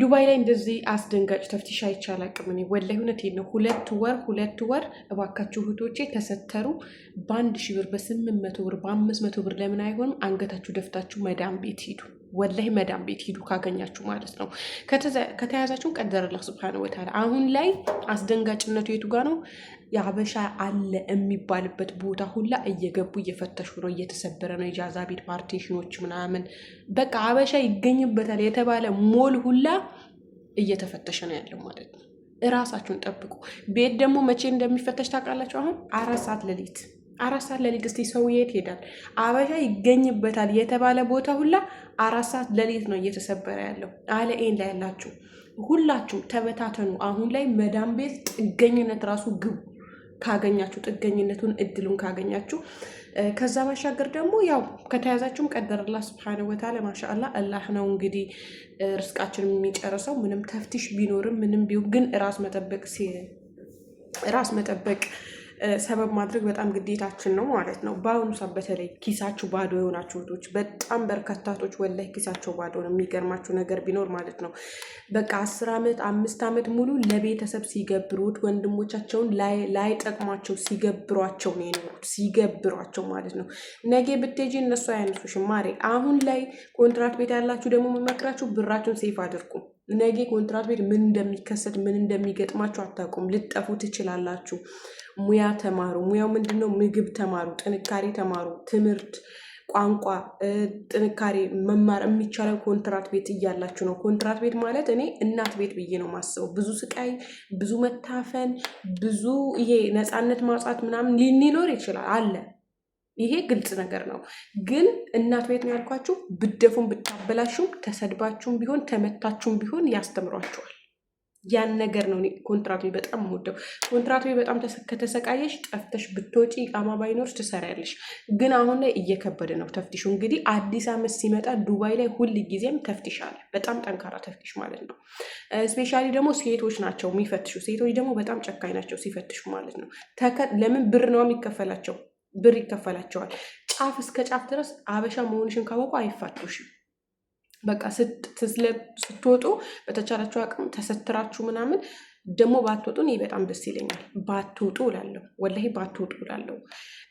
ዱባይ ላይ እንደዚህ አስደንጋጭ ተፍትሽ አይቻል አቅም እኔ ወላሂ እውነቴን ነው። ሁለት ወር ሁለት ወር እባካችሁ እህቶቼ ተሰተሩ። በአንድ ሺህ ብር በስምንት መቶ ብር በአምስት መቶ ብር ለምን አይሆንም? አንገታችሁ ደፍታችሁ መዳም ቤት ሂዱ። ወላይ መዳም ቤት ሂዱ ካገኛችሁ ማለት ነው። ከተያዛችሁን ቀደረላ ስብሓነሁ ወታላ። አሁን ላይ አስደንጋጭነቱ የቱ ጋር ነው? የአበሻ አለ የሚባልበት ቦታ ሁላ እየገቡ እየፈተሹ ነው። እየተሰበረ ነው። የጃዛ ቤት ፓርቴሽኖች ምናምን በቃ አበሻ ይገኝበታል የተባለ ሞል ሁላ እየተፈተሸ ነው ያለው ማለት ነው። እራሳችሁን ጠብቁ። ቤት ደግሞ መቼ እንደሚፈተሽ ታውቃላችሁ? አሁን አራት ሰዓት ሌሊት አራት ሰዓት ለሊት እስቲ ሰውዬ የት ሄዳል? አበሻ ይገኝበታል የተባለ ቦታ ሁላ አራት ሰዓት ለሊት ነው እየተሰበረ ያለው። አለ ኤን ላይ ያላችሁ ሁላችሁ ተበታተኑ። አሁን ላይ መዳም ቤት ጥገኝነት ራሱ ግቡ ካገኛችሁ ጥገኝነቱን እድሉን ካገኛችሁ። ከዛ ባሻገር ደግሞ ያው ከተያዛችሁም ቀደረላ ስብሓነ ወተዓላ ማሻአላ አላህ ነው እንግዲህ ርስቃችን የሚጨርሰው። ምንም ተፍቲሽ ቢኖርም ምንም ቢሆን ግን ራስ መጠበቅ ራስ መጠበቅ ሰበብ ማድረግ በጣም ግዴታችን ነው ማለት ነው። በአሁኑ ሰዓት በተለይ ኪሳችሁ ባዶ የሆናችሁ እህቶች በጣም በርካቶች ወላይ ኪሳቸው ባዶ ነው። የሚገርማችሁ ነገር ቢኖር ማለት ነው በቃ አስር ዓመት አምስት ዓመት ሙሉ ለቤተሰብ ሲገብሩት ወንድሞቻቸውን ላይጠቅሟቸው ሲገብሯቸው ነው የኖሩት ሲገብሯቸው ማለት ነው። ነገ ብትሄጂ እነሱ አያነሱሽም። ማሬ አሁን ላይ ኮንትራክት ቤት ያላችሁ ደግሞ መመክራችሁ ብራችሁን ሴፍ አድርጉ። ነገ ኮንትራት ቤት ምን እንደሚከሰት ምን እንደሚገጥማችሁ አታውቁም። ልጠፉ ትችላላችሁ። ሙያ ተማሩ። ሙያው ምንድን ነው? ምግብ ተማሩ፣ ጥንካሬ ተማሩ፣ ትምህርት፣ ቋንቋ፣ ጥንካሬ መማር የሚቻለው ኮንትራት ቤት እያላችሁ ነው። ኮንትራት ቤት ማለት እኔ እናት ቤት ብዬ ነው ማስበው። ብዙ ስቃይ፣ ብዙ መታፈን፣ ብዙ ይሄ ነፃነት ማውጣት ምናምን ሊኖር ይችላል አለ ይሄ ግልጽ ነገር ነው። ግን እናት ቤት ነው ያልኳችሁ። ብደፉም ብታበላሹም ተሰድባችሁም ቢሆን ተመታችሁም ቢሆን ያስተምሯችኋል። ያን ነገር ነው ኮንትራት ቤት በጣም የምወደው። ኮንትራት ቤት በጣም ከተሰቃየሽ ጠፍተሽ ብትወጪ ቃማ ባይኖርሽ ትሰሪያለሽ። ግን አሁን ላይ እየከበደ ነው ተፍቲሹ። እንግዲህ አዲስ ዓመት ሲመጣ ዱባይ ላይ ሁል ጊዜም ተፍቲሽ አለ። በጣም ጠንካራ ተፍቲሽ ማለት ነው። ስፔሻሊ ደግሞ ሴቶች ናቸው የሚፈትሹ። ሴቶች ደግሞ በጣም ጨካኝ ናቸው ሲፈትሹ ማለት ነው። ለምን ብር ነው የሚከፈላቸው ብር ይከፈላቸዋል። ጫፍ እስከ ጫፍ ድረስ አበሻ መሆንሽን ካወቁ አይፋቱሽም። በቃ ስትወጡ በተቻላችሁ አቅም ተሰትራችሁ ምናምን ደግሞ ባትወጡ እኔ በጣም ደስ ይለኛል። ባትወጡ እላለሁ፣ ወላሂ ባትወጡ እላለሁ።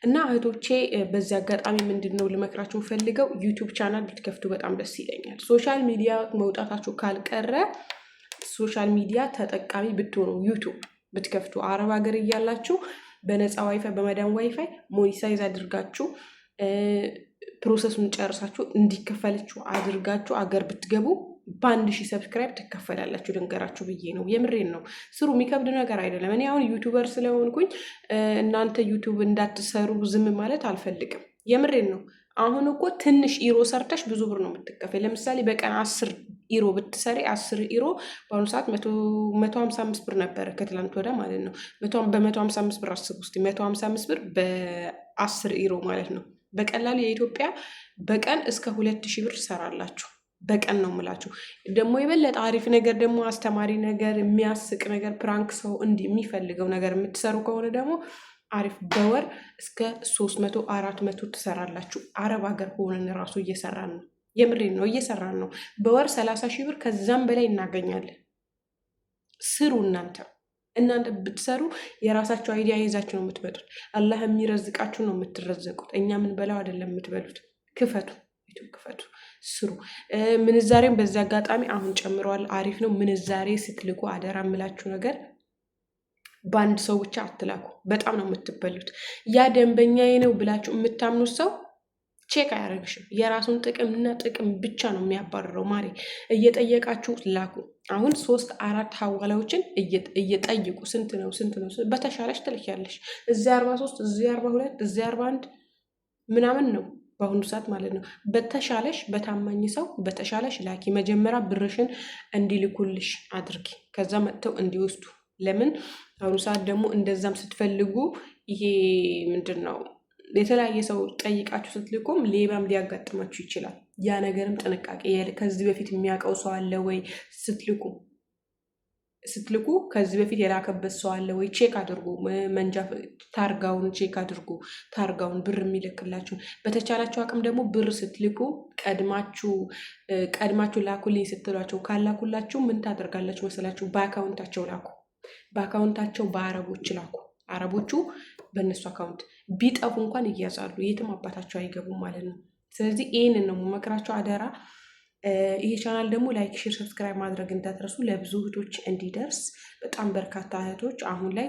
እና እህቶቼ በዚህ አጋጣሚ ምንድን ነው ልመክራችሁ ፈልገው ዩቱብ ቻናል ብትከፍቱ በጣም ደስ ይለኛል። ሶሻል ሚዲያ መውጣታችሁ ካልቀረ ሶሻል ሚዲያ ተጠቃሚ ብትሆኑ ዩቱብ ብትከፍቱ አረብ ሀገር እያላችሁ በነፃ ዋይፋይ በመዳን ዋይፋይ ሞኒታይዝ አድርጋችሁ ፕሮሰሱን ጨርሳችሁ እንዲከፈለችሁ አድርጋችሁ አገር ብትገቡ በአንድ ሺህ ሰብስክራይብ ትከፈላላችሁ። ድንገራችሁ ብዬ ነው። የምሬን ነው። ስሩ። የሚከብድ ነገር አይደለም። እኔ አሁን ዩቱበር ስለሆንኩኝ እናንተ ዩቱብ እንዳትሰሩ ዝም ማለት አልፈልግም። የምሬን ነው። አሁን እኮ ትንሽ ኢሮ ሰርተሽ ብዙ ብር ነው የምትከፈይ። ለምሳሌ በቀን አስር ኢሮ ብትሰሪ አስር ኢሮ በአሁኑ ሰዓት መቶ ሀምሳ አምስት ብር ነበረ ከትላንት ወደ ማለት ነው። በመቶ ሀምሳ አምስት ብር አስብ ውስጥ መቶ ሀምሳ አምስት ብር በአስር ኢሮ ማለት ነው። በቀላሉ የኢትዮጵያ በቀን እስከ ሁለት ሺህ ብር ትሰራላችሁ። በቀን ነው የምላችሁ። ደግሞ የበለጠ አሪፍ ነገር ደግሞ አስተማሪ ነገር፣ የሚያስቅ ነገር፣ ፕራንክ ሰው እንዲህ የሚፈልገው ነገር የምትሰሩ ከሆነ ደግሞ አሪፍ በወር እስከ ሶስት መቶ አራት መቶ ትሰራላችሁ። አረብ ሀገር ሆነን ራሱ እየሰራን ነው። የምሬን ነው፣ እየሰራን ነው። በወር ሰላሳ ሺህ ብር ከዛም በላይ እናገኛለን። ስሩ እናንተ እናንተ ብትሰሩ የራሳችሁ አይዲያ ይዛችሁ ነው የምትመጡት። አላህ የሚረዝቃችሁ ነው የምትረዘቁት። እኛ ምን በላው አይደለም የምትበሉት። ክፈቱ ዩቱብ ክፈቱ፣ ስሩ። ምንዛሬም በዚህ አጋጣሚ አሁን ጨምረዋል። አሪፍ ነው ምንዛሬ ስትልቁ አደራ የምላችሁ ነገር በአንድ ሰው ብቻ አትላኩ። በጣም ነው የምትበሉት። ያ ደንበኛዬ ነው ብላችሁ የምታምኑት ሰው ቼክ አያረግሽም። የራሱን ጥቅምና ጥቅም ብቻ ነው የሚያባርረው። ማሬ እየጠየቃችሁ ላኩ። አሁን ሶስት አራት ሀዋላዎችን እየጠይቁ ስንት ነው ስንት ነው በተሻለሽ ትልኪያለሽ። እዚህ አርባ ሶስት እዚህ አርባ ሁለት እዚህ አርባ አንድ ምናምን ነው በአሁኑ ሰዓት ማለት ነው። በተሻለሽ በታማኝ ሰው በተሻለሽ ላኪ። መጀመሪያ ብርሽን እንዲልኩልሽ አድርጊ። ከዛ መጥተው እንዲወስዱ ለምን አሁኑ ሰዓት ደግሞ እንደዛም ስትፈልጉ ይሄ ምንድን ነው የተለያየ ሰው ጠይቃችሁ ስትልኩም ሌባም ሊያጋጥማችሁ ይችላል። ያ ነገርም ጥንቃቄ ከዚህ በፊት የሚያውቀው ሰው አለ ወይ ስትልኩ ስትልኩ ከዚህ በፊት የላከበት ሰው አለ ወይ ቼክ አድርጉ። መንጃ ታርጋውን ቼክ አድርጉ። ታርጋውን ብር የሚልክላችሁ በተቻላችሁ አቅም ደግሞ ብር ስትልኩ ቀድማችሁ ቀድማችሁ ላኩልኝ ስትሏቸው ካላኩላችሁ ምን ታደርጋላችሁ መሰላችሁ? በአካውንታቸው ላኩ። በአካውንታቸው በአረቦች ላኩ። አረቦቹ በእነሱ አካውንት ቢጠፉ እንኳን ይያዛሉ፣ የትም አባታቸው አይገቡም ማለት ነው። ስለዚህ ይህንን ነው መክራቸው አደራ ይህ ቻናል ደግሞ ላይክ፣ ሼር፣ ሰብስክራይብ ማድረግ እንዳትረሱ ለብዙ እህቶች እንዲደርስ። በጣም በርካታ እህቶች አሁን ላይ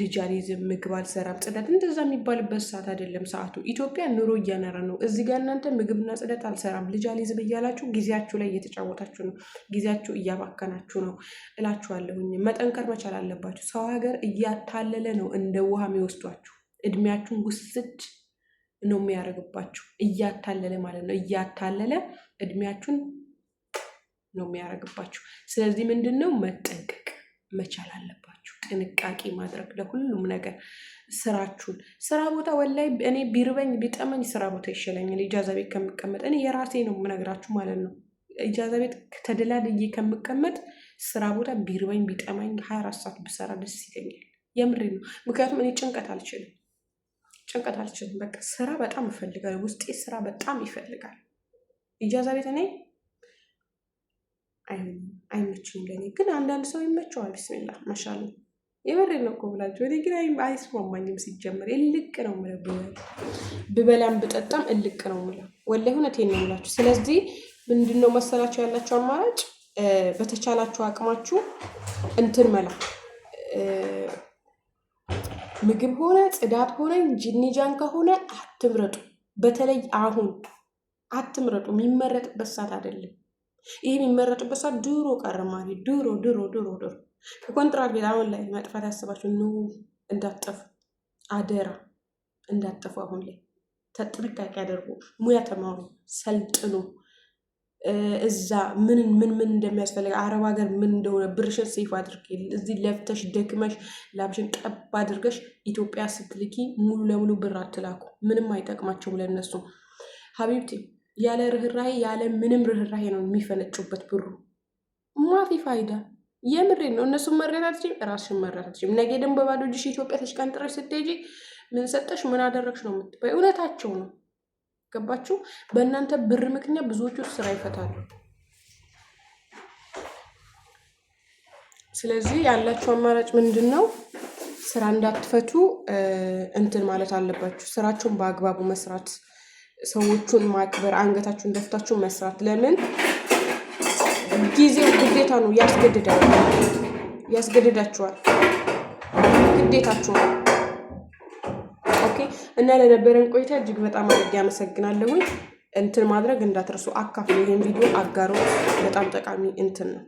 ልጅ አልይዝም፣ ምግብ አልሰራም፣ ጽዳት እንደዛ የሚባልበት ሰዓት አይደለም ሰዓቱ። ኢትዮጵያ ኑሮ እያነረ ነው። እዚህ ጋር እናንተ ምግብና ጽዳት አልሰራም፣ ልጅ አልይዝም እያላችሁ ጊዜያችሁ ላይ እየተጫወታችሁ ነው፣ ጊዜያችሁ እያባከናችሁ ነው እላችኋለሁኝ። መጠንከር መቻል አለባችሁ። ሰው ሀገር እያታለለ ነው እንደ ውሃ የሚወስዷችሁ እድሜያችሁን ውስድ ነው የሚያደርግባችሁ። እያታለለ ማለት ነው እያታለለ እድሜያችሁን ነው የሚያደርግባችሁ። ስለዚህ ምንድን ነው መጠንቀቅ መቻል አለባችሁ። ጥንቃቄ ማድረግ ለሁሉም ነገር ስራችሁን፣ ስራ ቦታ ወላይ እኔ ቢርበኝ ቢጠመኝ ስራ ቦታ ይሻለኛል ኢጃዛ ቤት ከምቀመጥ። እኔ የራሴ ነው የምነግራችሁ ማለት ነው። ኢጃዛ ቤት ተደላድዬ ከምቀመጥ ስራ ቦታ ቢርበኝ ቢጠመኝ ሀያ አራት ሰዓት ብሰራ ደስ ይለኛል። የምሬ ነው። ምክንያቱም እኔ ጭንቀት አልችልም፣ ጭንቀት አልችልም። በቃ ስራ በጣም ይፈልጋል ውስጤ፣ ስራ በጣም ይፈልጋል። ኢጃዛ ቤት እኔ አይመችም ለእኔ። ግን አንዳንድ ሰው ይመቸዋል። ቢስሚላ ማሻላ የበሬ ነው እኮ ብላችሁ እኔ ግን አይስማማኝም። ሲጀምር እልቅ ነው ምለው ብበላም ብጠጣም እልቅ ነው ምለው። ወላሂ እውነቴን ነው የምላችሁ። ስለዚህ ምንድነው መሰላችሁ ያላችሁ አማራጭ በተቻላችሁ አቅማችሁ እንትን መላ ምግብ ሆነ ጽዳት ሆነ ጂኒጃን ከሆነ አትምረጡ። በተለይ አሁን አትምረጡ። የሚመረጥበት ሰዓት አይደለም። ይህ የሚመረጥበት ሰዓት ድሮ ቀረማሪ ድሮ ድሮ ድሮ ድሮ ከኮንትራት ቤት አሁን ላይ መጥፋት ያስባችሁ ኑ እንዳጠፉ አደራ፣ እንዳጠፉ አሁን ላይ ተጥንቃቄ ያደርጉ፣ ሙያ ተማሩ፣ ሰልጥኑ። እዛ ምን ምን ምን እንደሚያስፈልግ አረብ ሀገር ምን እንደሆነ ብርሽን ሴፍ አድርግ። እዚህ ለፍተሽ ደክመሽ ላብሽን ጠብ አድርገሽ ኢትዮጵያ ስትልኪ ሙሉ ለሙሉ ብር አትላኩ። ምንም አይጠቅማቸውም ለነሱ ሀቢብቴ ያለ ርኅራሄ ያለ ምንም ርኅራሄ ነው የሚፈለጩበት ብሩ። ማፊ ፋይዳ የምሬን ነው። እነሱን መረዳት አትችይም፣ ራስሽን መረዳት አትችይም። ነገ ደግሞ በባዶ እጅሽ ኢትዮጵያ ተሽቀንጥረሽ ስትሄጂ ምን ሰጠሽ ምን አደረግሽ ነው የምትባይ። እውነታቸው ነው። ገባችሁ? በእናንተ ብር ምክንያት ብዙዎቹ ስራ ይፈታሉ። ስለዚህ ያላችሁ አማራጭ ምንድን ነው? ስራ እንዳትፈቱ እንትን ማለት አለባችሁ። ስራችሁን በአግባቡ መስራት ሰዎቹን ማክበር፣ አንገታችሁን ደፍታችሁ መስራት። ለምን ጊዜው ግዴታ ነው፣ ያስገድዳል፣ ያስገድዳችኋል፣ ግዴታችሁ ነው። ኦኬ። እና ለነበረን ቆይታ እጅግ በጣም አድርጌ አመሰግናለሁኝ። እንትን ማድረግ እንዳትረሱ፣ አካፍሉ፣ ይህን ቪዲዮ አጋሩ። በጣም ጠቃሚ እንትን ነው።